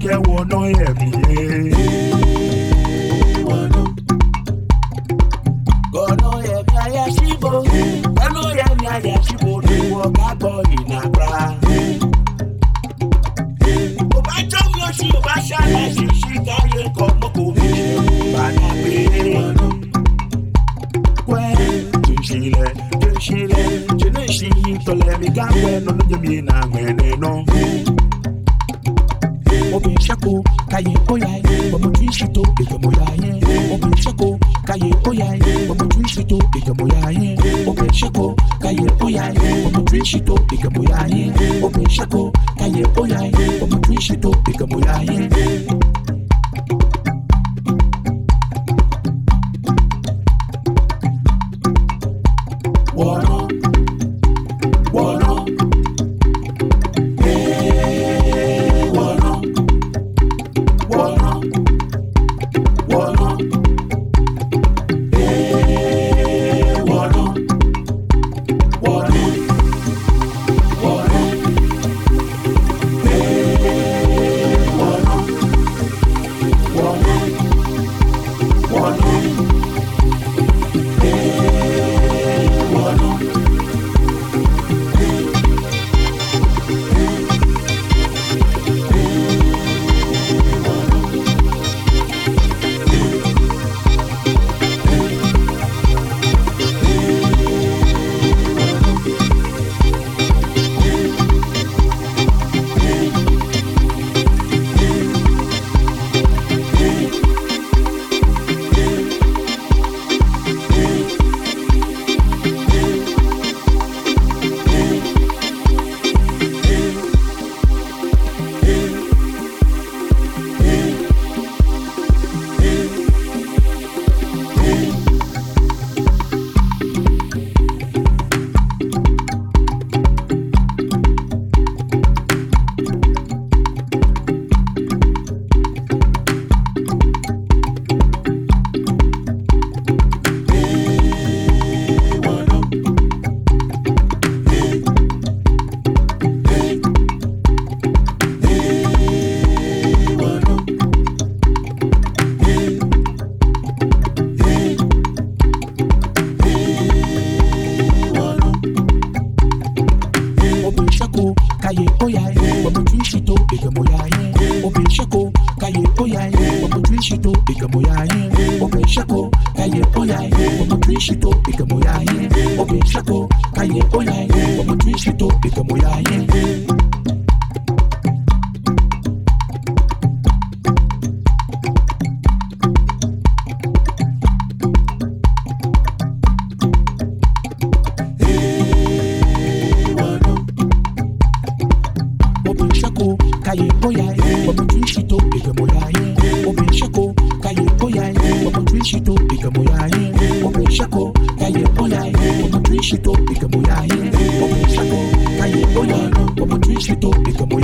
nke wono yemi wono gono yemi ayashibo gono yemi ayashibo ni wọ́n ká gbọ́ ìnàgbà. mo bá jọ́ mi oṣù mo bá ṣàlẹ̀ ṣíṣí káyé kan mo kò ní ṣe bàdà pé wono pẹ́ tó ṣílẹ̀ tó ṣílẹ̀ tó ní ṣí tọ́lẹ̀ mi ká pẹ́ nọ́nú jẹ́mi náà gbẹ̀nẹ̀ náà. Obi ṣẹ́kù káyé ó yá ẹ ọmọ Obi ìṣètò èjọmọ yá ẹ obìnrin ṣẹ́kù káyé ó yá ẹ ọmọ ojú ìṣètò èjọmọ yá ẹ obìnrin ṣẹ́kù káyé ó yá ẹ ọmọ ojú ìṣètò káyé ó yá ẹ ọmọ Oh yeah, no, como Twitch, YouTube y up.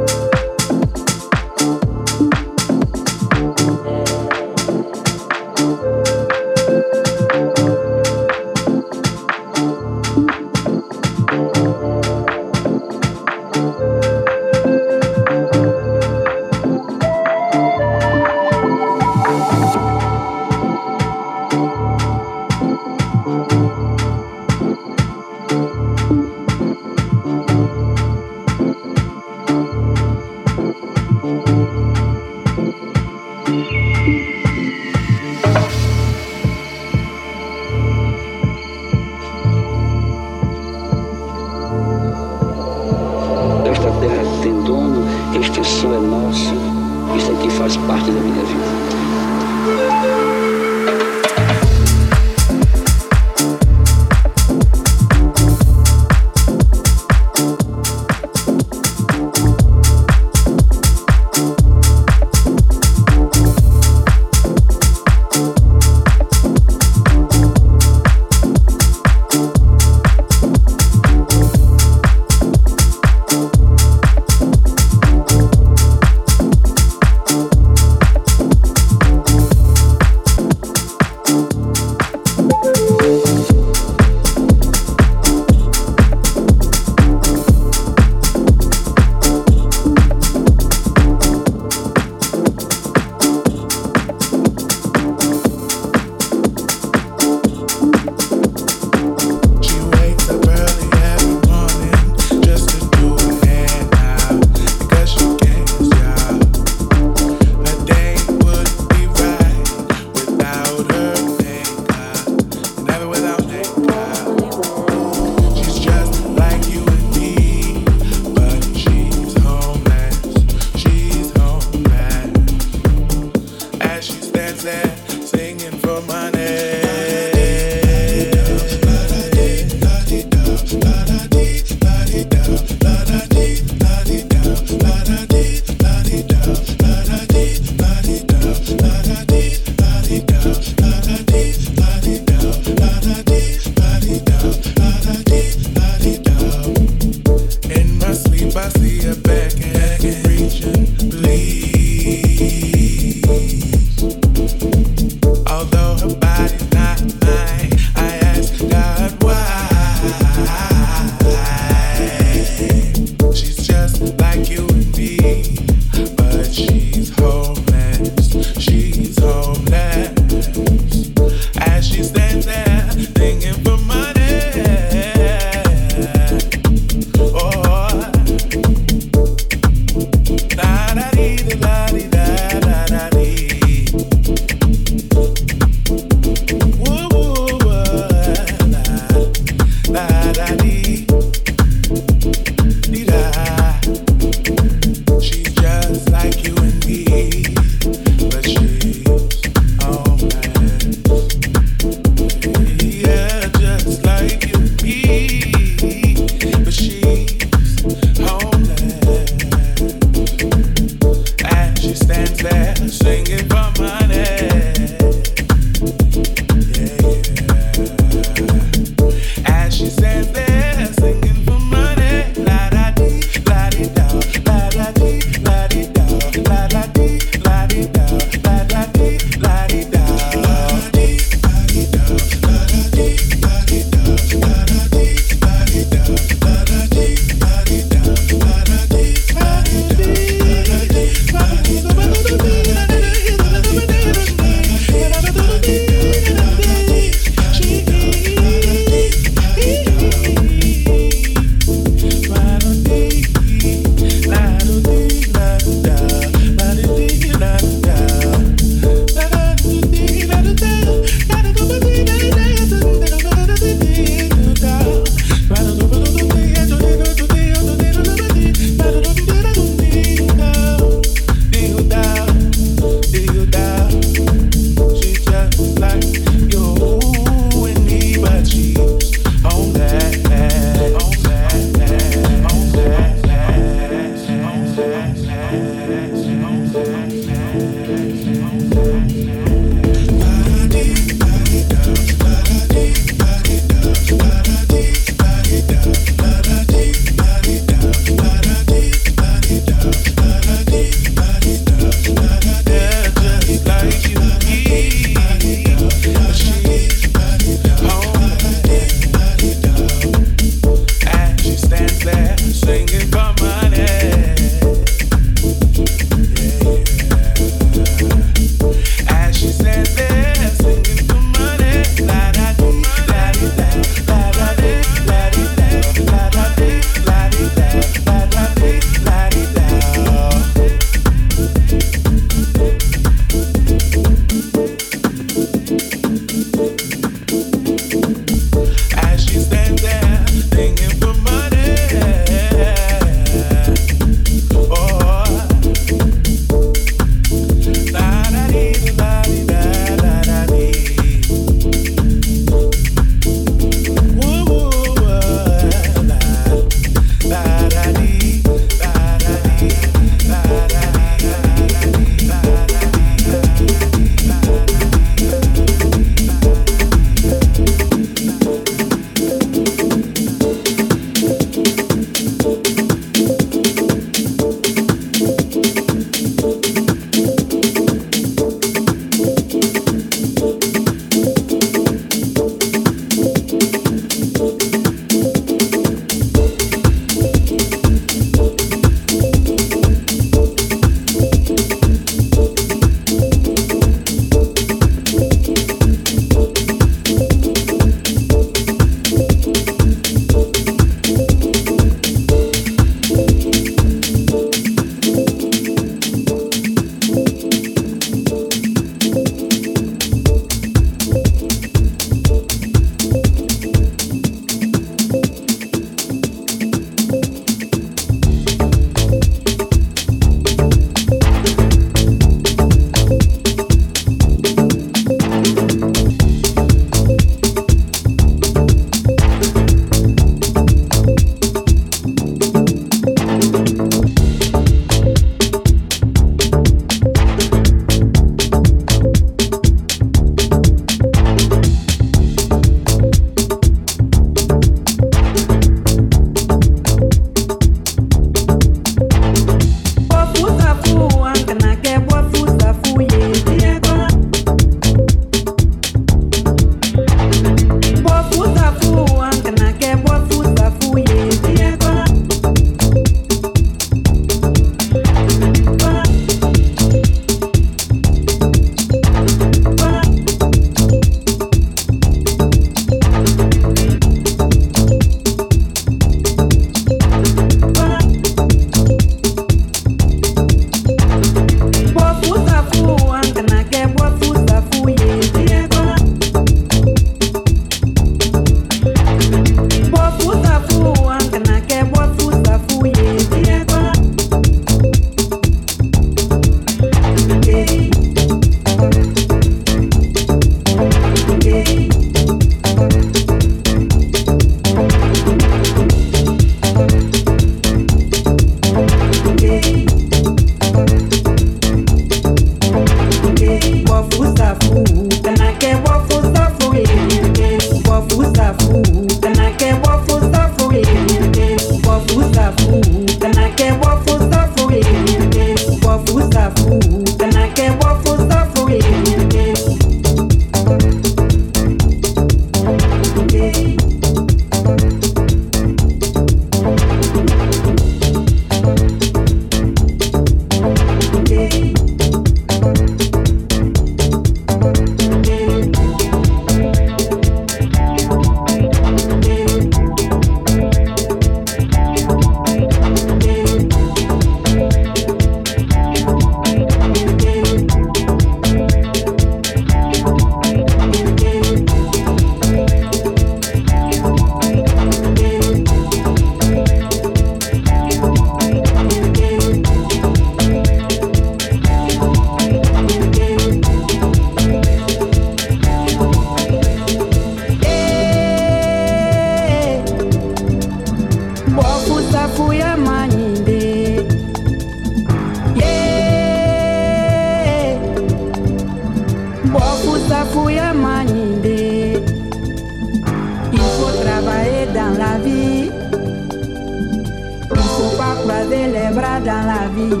la vie.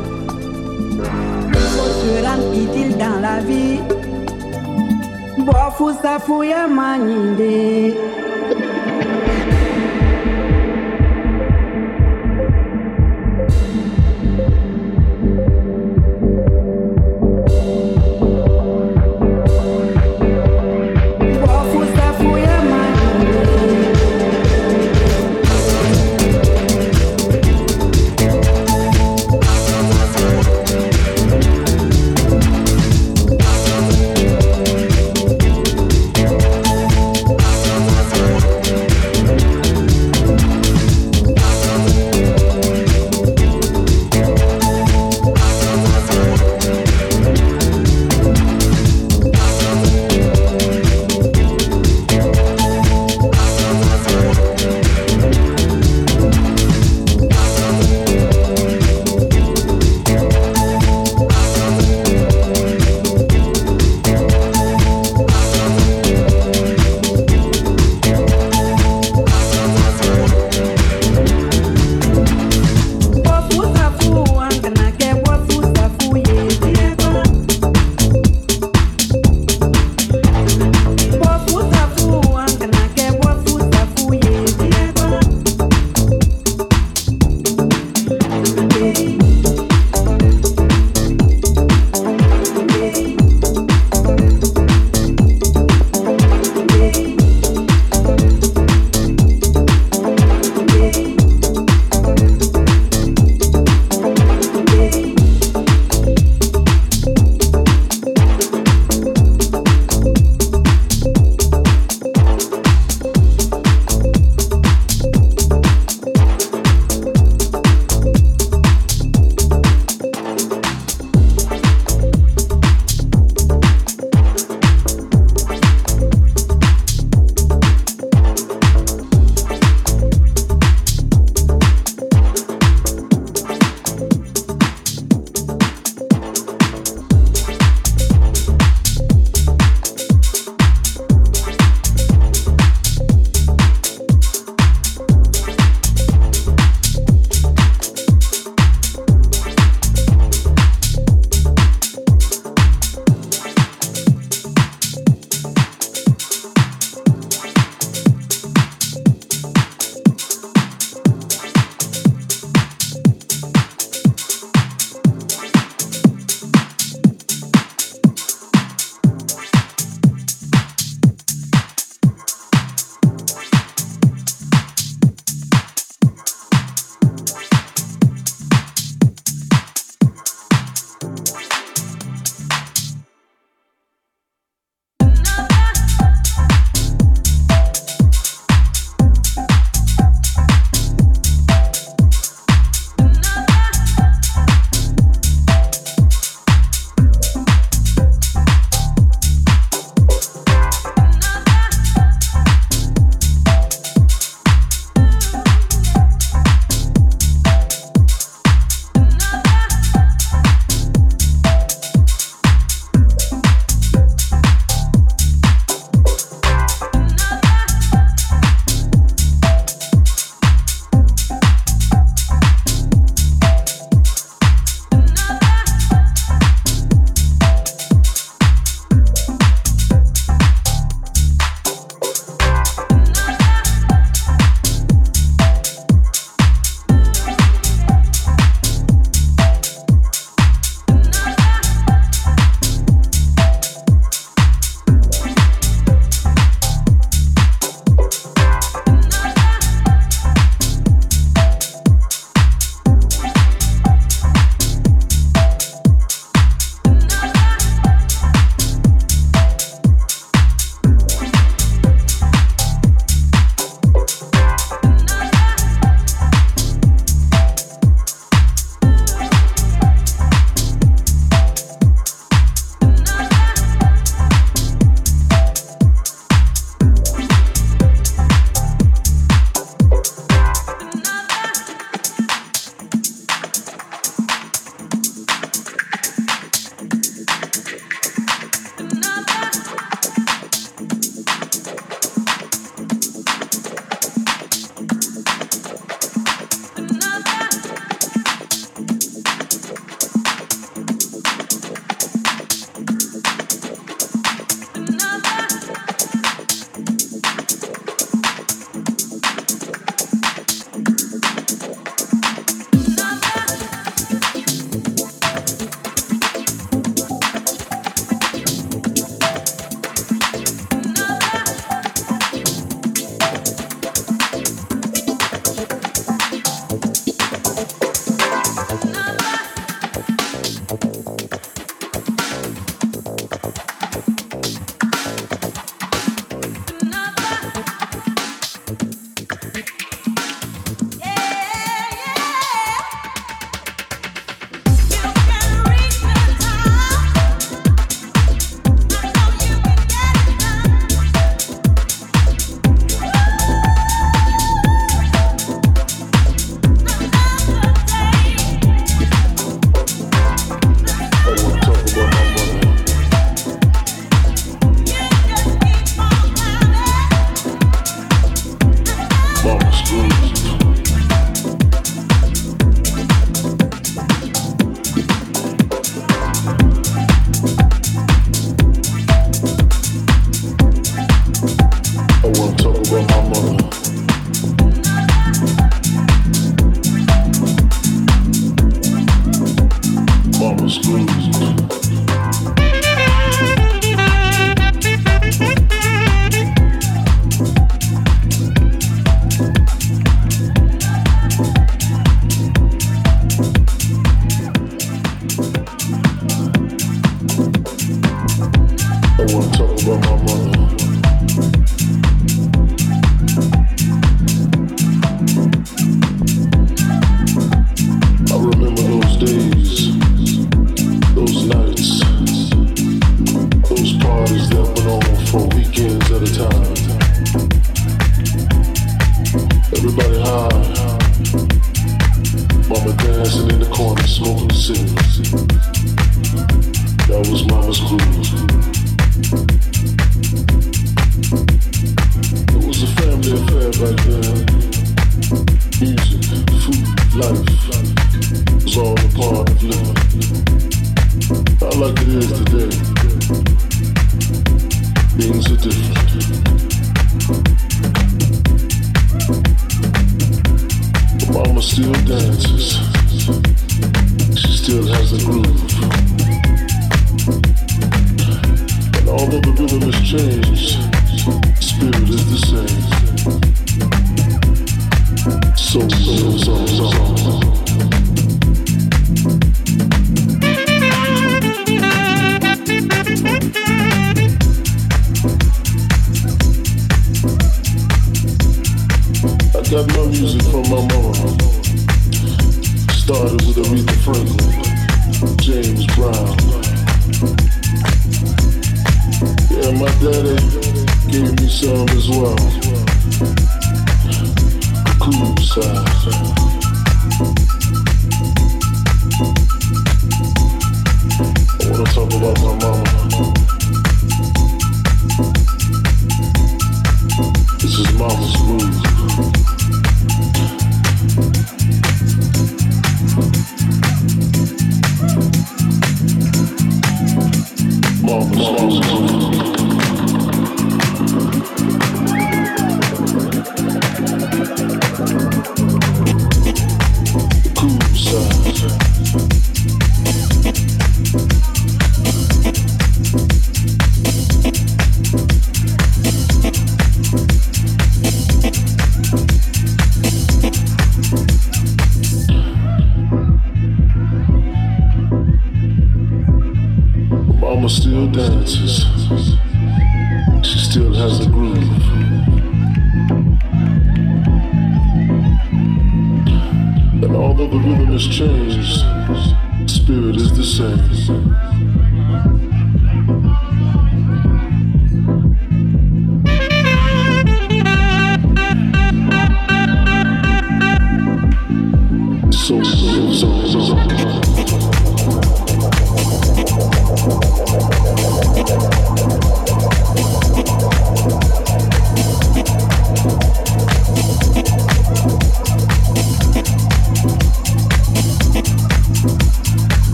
Faut se rendre utile dans la vie. fouille à maninde.